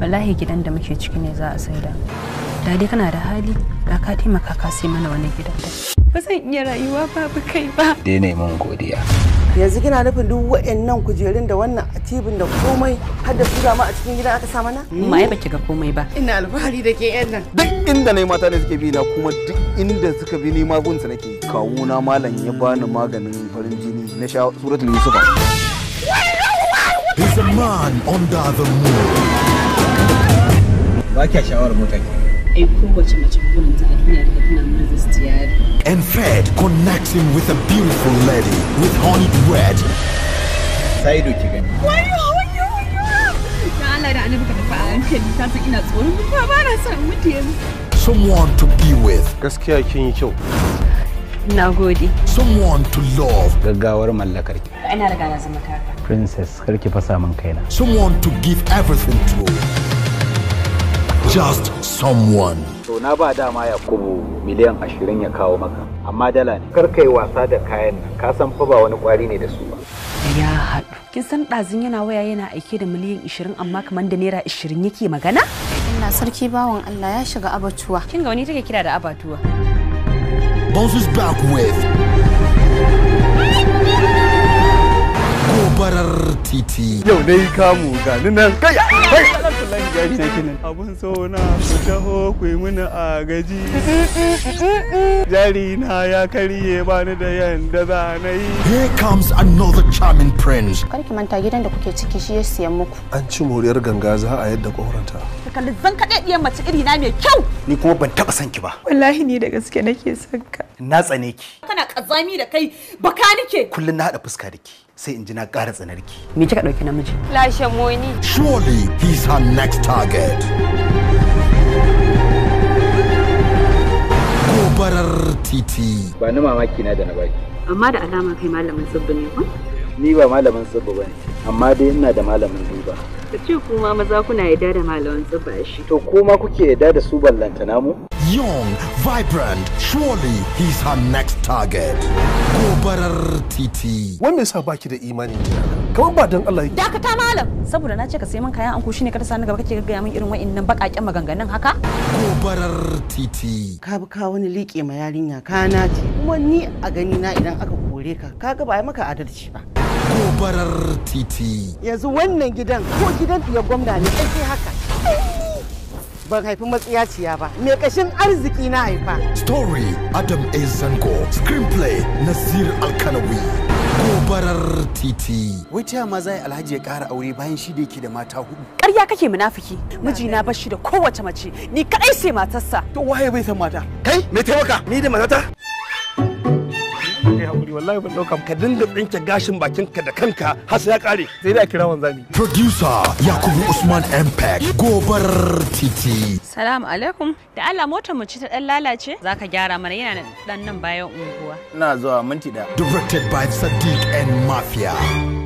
wallahi gidan da muke ciki ne za a saida da dai kana da hali da ka taimaka ka sai mana wani gidan da ba zan iya rayuwa babu kai ba dai ne mun godiya yanzu kina nufin duk waɗannan kujerun da wannan atibin da komai har da su mu a cikin gidan aka sa mana mm. ma ai baki ga komai ba ina alfahari da ke yan nan duk inda nayi mata ne suke bi na kuma duk inda suka bi ni magunsa nake kawo na malam ya bani maganin farin jini na sha suratul yusufa He's a man under the moon. ba kya sha'awar mota ke ai eh, kowace mace burinta a duniya daga tana murza stiyari and Fred connecting with a beautiful lady with honeyed bread. sai doki gani wayo wayo da Allah da annabi ka tafi a hankali ta san ina tsoron mutuwa ba na son mutu yanzu someone to be with gaskiya kin yi kyau Na gode. Someone to love. Gaggawar mallakar ki. Ina riga na zama kaka. Princess, karki fasa min kaina. Someone to give everything to. just someone. To na ba dama Yakubu miliyan ashirin ya kawo maka, amma dala ne. Kar kai wasa da kayan nan, ka san fa ba wani kwari ne da su ba. Ya haɗu. Kin san ɗazin yana waya yana aike da miliyan ashirin amma kamar da naira ashirin yake magana? Ina sarki bawan Allah ya shiga abatuwa. Kin ga wani take kira da abatuwa. Bounces back with. barar titi. Yau dai kamu gani nan kai kai abun so na ku taho ku yi mini agaji. Jari na ya karye bani da yanda za na yi. Here comes another charming prince. Kar ki manta gidan da kuke ciki shi ya siyan muku. An ci moriyar ganga za a yadda ƙoranta. Ka kalli zan kaɗe ɗiyan mace iri na mai kyau. Ni kuma ban taɓa son ki ba. Wallahi ni da gaske nake son ka. Na tsane ki. Kana ƙazami da kai baka nike. Kullum na haɗa fuska da ki. sai in ji na ƙara tsanarki. Me kika ɗauki namiji? Lashe moni. Surely he's her next target. Gobarar titi. Ba ni mamaki na da na baki. Amma da alama kai malamin tsibbi ne ko? Ni ba malamin tsibbi ba ne, amma dai ina da malamin duba. Ka ce kuma maza kuna yadda da malamin tsibba shi. To kuma kuke yadda da su ballantana mu. young, vibrant, surely he's her next target. Gobarar titi. Wai me yasa baki da imani Kamar ba dan Allah Dakata malam, saboda na ce ka sai min kayan anko shine ka ta sani gaba kake gaya min irin wa'annan bakaken maganganun haka? Gobarar titi. Ka bi ka wani liƙe ma yarinya kana ce. Kuma ni a gani na idan aka kore ka, kaga ba maka adalci ba. Gobarar titi. Yanzu wannan gidan ko gidan ya gwamna ne sai haka. ban haifi matsiyaciya ba me kashin arziki na haifa story adam a zango screenplay nasir alkanawi gobarar titi wai ta ma yi alhaji ya kara aure bayan shi da yake da mata hudu Karya kake munafiki mijina bashi shi da kowace mace ni kaɗai sai matarsa to waye bai san mata kai me taimaka ni da matata kai hakuri wallahi ban ka dinga tsinke gashin bakin ka da kanka har sai ya kare sai da kira wanzani producer yakubu usman impact gobar titi salamu alaikum da Allah motar mu ci ta ɗan lalace zaka gyara mana yana dan nan bayan unguwa ina zuwa minti da directed by sadiq and mafia